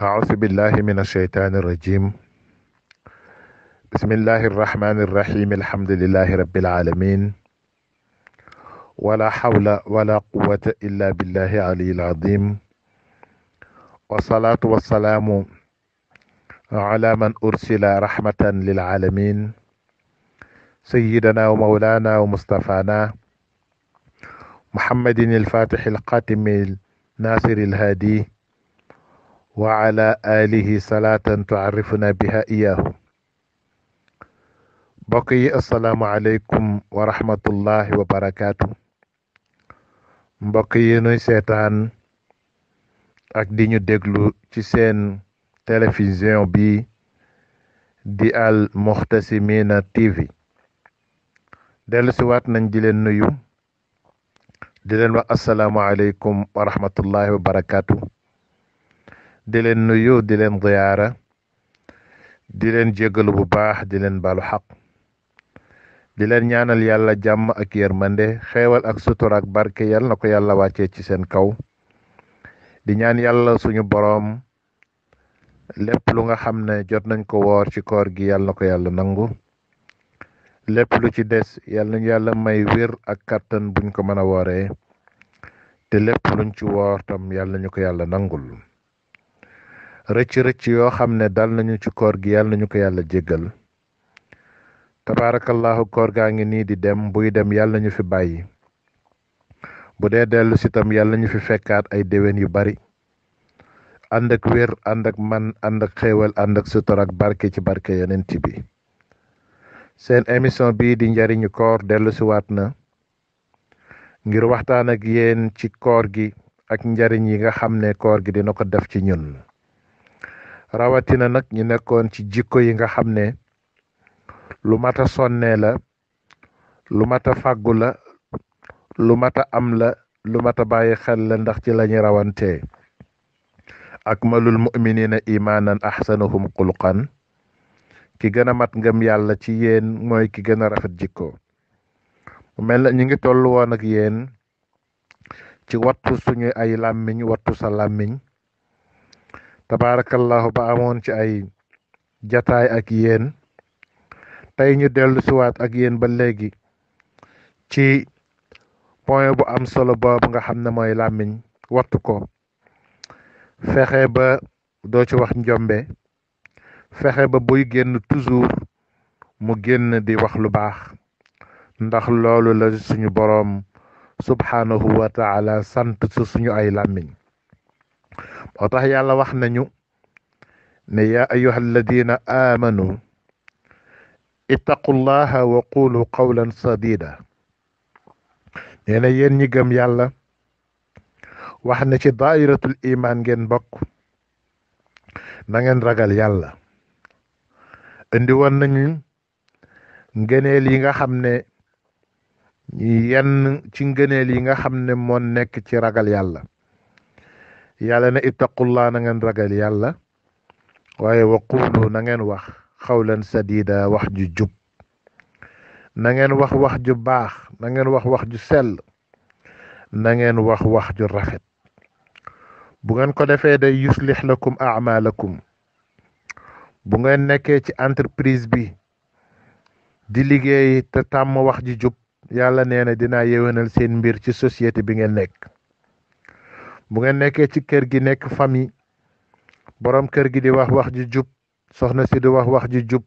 أعوذ بالله من الشيطان الرجيم بسم الله الرحمن الرحيم الحمد لله رب العالمين ولا حول ولا قوة إلا بالله العلي العظيم والصلاة والسلام على من أرسل رحمة للعالمين سيدنا ومولانا ومصطفانا محمد الفاتح القاتم الناصر الهادي وعلى آله صلاة تعرفنا بها إياه بقي السلام عليكم ورحمة الله وبركاته بقي نوي سيطان اك دي دقلو تسين تلفزيون بي دي المختسمين تي في دل سوات ننجل النيو دل السلام عليكم ورحمة الله وبركاته di leen nuyu di leen ziyaara di leen jégalu bu baax di balu xaq di leen ñaanal yàlla jam ak yërmande xeewal ak sutura ak barke yal na ko yàlla wàccee ci seen kaw di ñaan yàlla suñu boroom lépp lu nga xam ne jot nañ ko woor ci koor gi yal na ko nangu lépp lu ci des may ak buñ ko a wooree te luñ ci woor tam yal nañu ko nangul rëcc rëcc yoo xam ne dal nañu ci koor gi yàlla nañu ko yàlla jéggal tabaarakallahu koor gaa ngi nii di dem buy dem yàlla nañu fi bàyyi bu dee dellu si yàlla nañu fi fekkaat ay déwén yu bari ànd ak wér ànd ak man ànd ak xéewal ànd ak sutura ak barke ci barke yonent bi seen émission bii di njariñu koor dellu si waat na ngir waxtaan ak yéen ci koor gi ak njariñ yi nga xam ne koor gi dina ko def ci ñun rawatina nag ñu nekkoon ci jikko yi nga xam ne lu mata sonnee la lu mata fàggu la lu mata am la lu mata bàyyi xel la ndax ci lañu akmalul mu'minina imanan ahsanuhum qulqan ki gëna mat ngëm yàlla ci yéen mooy ki gëna rafet jikko mu mel na ngi toll woon ak ci wattu suñu ay làmmiñ wattu sa làmmiñ tabaarakallahu ba amoon ci ay jataay ak yéen tey ñu dellu ak yéen ba léegi ci point bu am solo boobu nga xam ne mooy làmmiñ wattu ko fexe ba doo ci wax njombe fexe ba buy génn toujours mu génn di wax lu baax ndax loolu la suñu boroom subhaanahu wa sant su suñu ay làmmiñ moo tax yàlla wax nañu ne yaa ayuha alladina aamanu ittaqullaha wa qulu qawlan sadida nee na yéen ñi gëm yàlla wax na ci daairatul iman ngeen bokk nangeen ragal yàlla indi woon nañu ngëneel yi nga xam ne yenn ci ngëneel yi nga xam ne moo nekk ci ragal yàlla yàlla ne ittaqullaa na ngeen ragal yàlla waaye waqulu na ngeen wax xawlan sadida wax ju jub na ngeen wax wax ju baax na ngeen wax wax ju sell na ngeen wax wax ju rafet bu ngeen ko defee day yuslix lakum amalakum bu ngeen nekkee ci entreprise bi di liggéey te tàmm wax ju jub yàlla nee na dinaa yewenal seen mbir ci société bi ngeen nekk bu ngeen nekkee ci kër gi nekk famille borom kër gi di wax wax ji jub soxna si di wax wax ji jub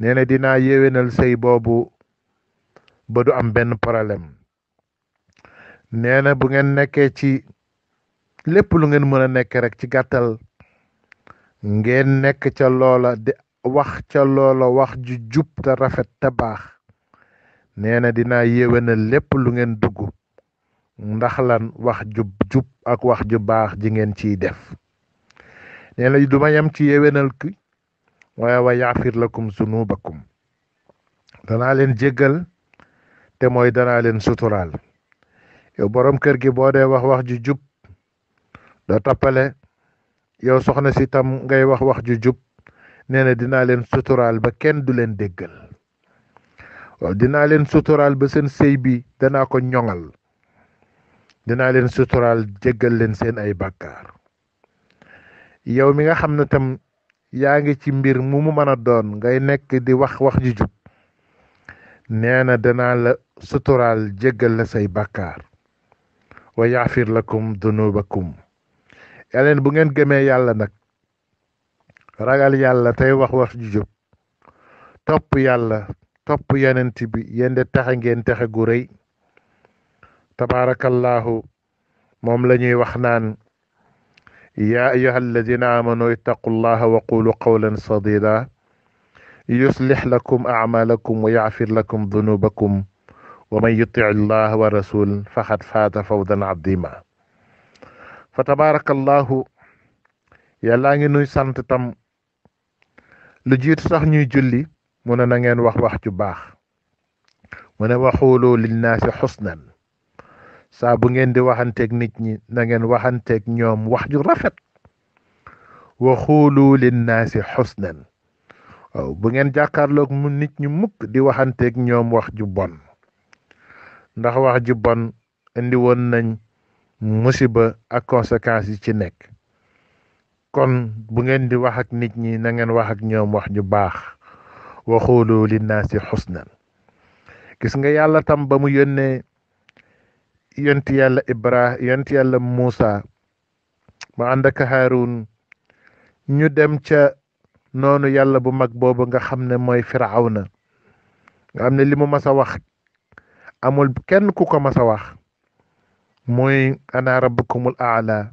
nee na dinaa yéwénal sëy boobu ba du am benn problème nee na bu ngeen nekkee ci lépp lu ngeen mën a nekk rek ci gàttal ngeen nekk ca loola di wax ca loola wax ju jub te rafet te baax nee na dinaa yéwénal lépp lu ngeen dugg ndax lan wax jub jub ak wax ju baax ji ngeen ciy def nee na du ma ci yewenal ki waaye wa yaafir lakum sunubakum danaa leen jéggal te mooy danaa leen sutural yow boroom kër gi boo dee wax wax ju jub doo tappale yow soxna si tam ngay wax wax ju jub neene na dinaa leen suturaal ba kenn du leen déggal waaw dinaa leen sutural ba seen sëy bi danaa ko ñoŋal dinaa leen suturaal jéggal leen seen ay bàkkaar yow mi nga xam ne tam yaa ngi ci mbir mu mu mën a doon ngay nekk di wax wax ju jub nee na danaa la suturaal jéggal la say bàkkaar wa yaafir lakum dunubakum yaleen bu ngeen gëmee yàlla nag ragal yàlla tey wax wax ju jub topp yàlla topp yenent bi yende taxe ngeen texe gu rëy تبارك الله موم لا نيي يا ايها الذين امنوا اتقوا الله وقولوا قولا سديدا يصلح لكم اعمالكم ويغفر لكم ذنوبكم ومن يطع الله ورسول فقد فات فوزا عظيما فتبارك الله يا نجي نوي سانت تام لو جيت صاح نوي جولي مونا نغين واخ واخ جو باخ مونا وقولوا للناس حسنا sa bu ngeen di waxanteeg nit ñi na ngeen waxanteeg ñoom wax ju rafet wa xuulu linnaasi xusnan waaw bu ngeen jàkkaarloog mu nit mukk di waxanteeg ñoom wax ju bon ndax wax ju bon indi woon nañ musiba ak conséquences yi ci nekk kon bu ngeen di wax ak nit ñi na ngeen wax ak ñoom wax ju baax wa xuulu linnaasi xusnan gis nga yàlla tam ba mu yónnee yonent يالا ibrah yonent يالا موسى ما عندك هارون haarun ñu dem ca noonu yàlla bu mag boobu nga xam ne mooy firawna nga xam ne li mu mas a wax amul kenn ku ko mas a wax muy ana rabbukumul aala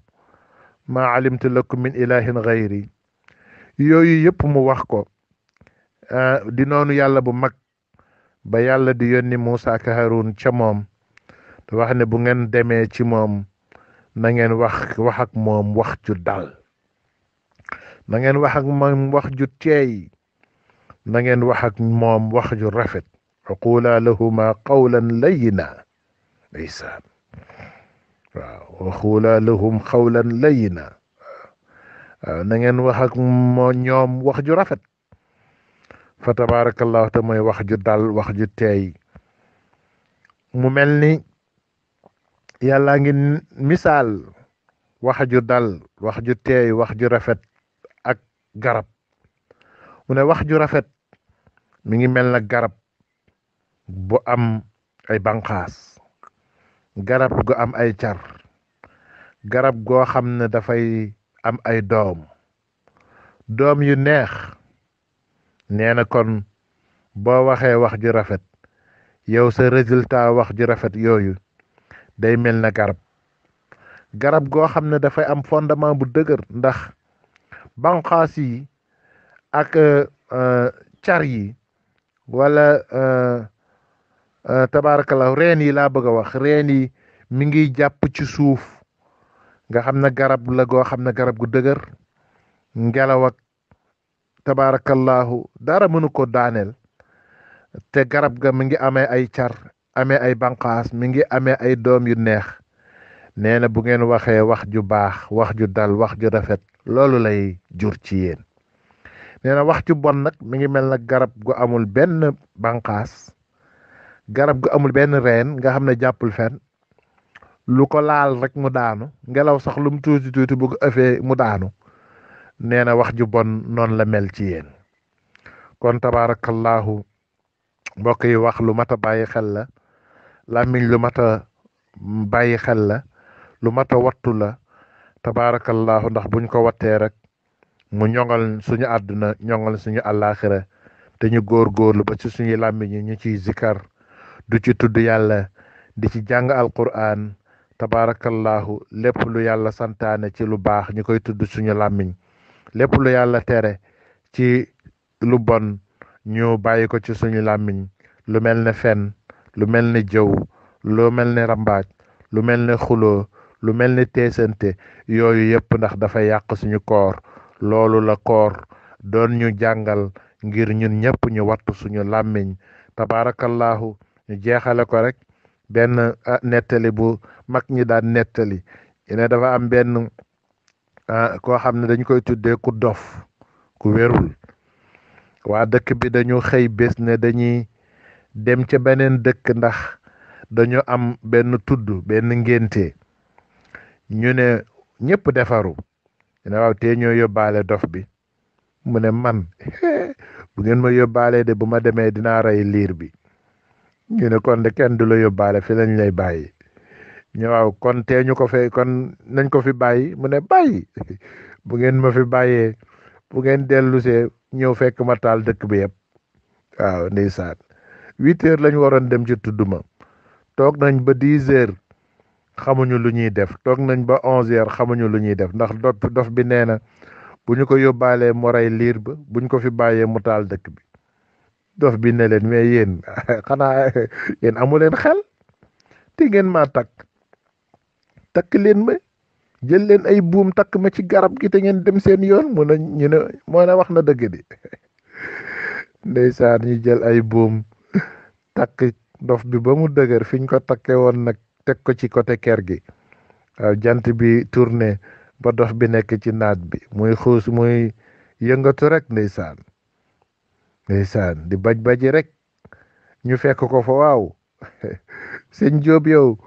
maa alimtu lakum min ilahin gayri yooyu yëpp mu wax ko di noonu yàlla bu mag ba yàlla di yónni Muusa ak Haarun ca moom wax ne bu ngeen demee ci moom na ngeen wax wax ak moom wax ju dal na ngeen wax ak moom wax ju teey na ngeen wax ak moom wax ju rafet وقولا لهما qawlan لينا ndeysaan waaw waxuula lahum qawlan layina na ngeen wax ak moo ñoom wax ju rafet fa tabaarakallahu te mooy wax ju dal wax ju teey mu mel ni yàllaa ngi misaal wax ju dal wax ju teey wax ju rafet ak garab mu ne wax ju rafet mi ngi mel na garab bu am ay banqaas garab gu am ay car garab goo xam ne dafay am ay doom doom yu neex nee na kon boo waxee wax ju rafet yow se résultat wax ju rafet yooyu day mel na garab garab goo xam ne dafay am fondement bu dëgër ndax banqaas yi ak euh, euh, car yi wala euh, tabaarkalla reen yi laa bëgg a wax reen yi mi ngi jàpp ci suuf nga xam ne garab la goo xam ne garab gu dëgër ngelawak ak tabaarakallahu dara mënu ko daaneel te garab ga mi ngi amee ay car amee ay banqaas mi ngi amee ay doom yu neex nee na bu ngeen waxee wax ju baax wax ju dal wax ju rafet loolu lay jur ci yéen nee na wax ju bon nag mi ngi mel na garab gu amul benn banqaas garab gu amul benn reen nga xam ne jàppul fen lu ko laal rek mu daanu ngelaw sax lu mu tuuti tuuti bu ko mu daanu nee na wax ju bon noonu la mel ci yéen kon tabaarakallaahu mbokk yi wax lu mat a bàyyi xel la làmmiñ lu mata a bàyyi xel la lu mat a wattu la tabaarakallaahu ndax buñ ko wattee rek mu ñoŋal suñu àdduna ñoŋal suñu àllaaxira te ñu lu ba ci suñu làmmiñ yi ñu ciy zikar du ci tudd yàlla di ci jàng alquran tabaarakallaahu lépp lu yàlla santaane ci lu baax ñu koy tudd suñu làmmiñ lépp lu yàlla tere ci lu bon ñu bàyyi ko ci suñu làmmiñ lu mel ne fen lu mel ne jëw lu mel ne rambaaj lu mel ne xuloo lu mel ne teesante yooyu yëpp ndax dafa yàq suñu koor loolu la koor doon ñu jàngal ngir ñun ñëpp ñu wattu suñu làmmiñ tabaarakallaahu ñu jeexale ko rek benn ah, nettali bu mag ñi daan nettali ne dafa am benn ah, koo xam ne dañ koy tuddee ku dof ku wérul waa dëkk bi dañu xëy bés ne dañuy dem ca beneen dëkk ndax dañu am benn tudd benn ngénte ñu ne ñëpp defaru ne waaw tee ñoo yóbbaale dof bi mu ne man bu ngeen ma yóbbaale de bu ma demee dinaa rey liir bi ñu kon de kenn du la yóbbaale fi lañ ne bàyyi ñu waaw kon tee ñu ko fee kon nañ ko fi bàyyi mu ne bàyyi bu ngeen ma fi bàyyee bu ngeen dellusee ñëw fekk ma taal dëkk bi yëpp waaw ndeysaan huit heures lañu waroon dem ci tudduma toog nañ ba dix heures xamuñu lu ñuy def toog nañ ba onze heures xamuñu lu ñuy def ndax dof dof bi nee na bu ko yóbbaalee mu rey liir ba buñ ko fi bàyyee mu taal dëkk bi dof bi ne leen mais yéen xanaa yéen amu leen xel te ngeen maa takk takk leen ma jël leen ay buum takk ma ci garab ki te ngeen dem seen yoon mu ne ñu ne moo ne wax na dëgg di ndeysaan ñu jël ay buum takk dof bi ba mu dëgër fiñ ko takke woon nag teg ko ci côté ker gi waaw jant bi tourné ba dof bi nekk ci naaj bi muy xuus muy yëngatu rek ndeysaan ndeysaan di baj-baji rek ñu fekk ko fa waaw sëñ Jóob yow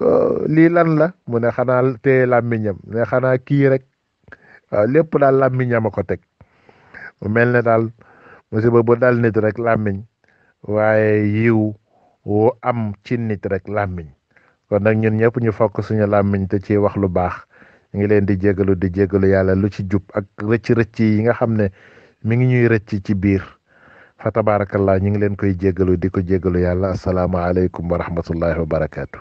oh, lii lan la mu ne xanaa téye làmmiñam ne xanaa kii rek waaw lépp daal làmmiñam a ko teg mu mel ne daal musiba bu dal nit rek làmmiñ waaye yiw wu am ci nit rek làmmiñ kon nag ñun ñëpp ñu fokk suñu làmmiñ te ci wax lu baax ñu ngi leen di jégalu di jégalu yàlla lu ci jub ak rëcc-rëcc yi nga xam ne mi ngi ñuy rëcc ci biir fa tabaarakallaa ñu ngi leen koy jégalu di ko jégalu yàlla asalaamaaleykum wa rahmatullahi wa barakaatu.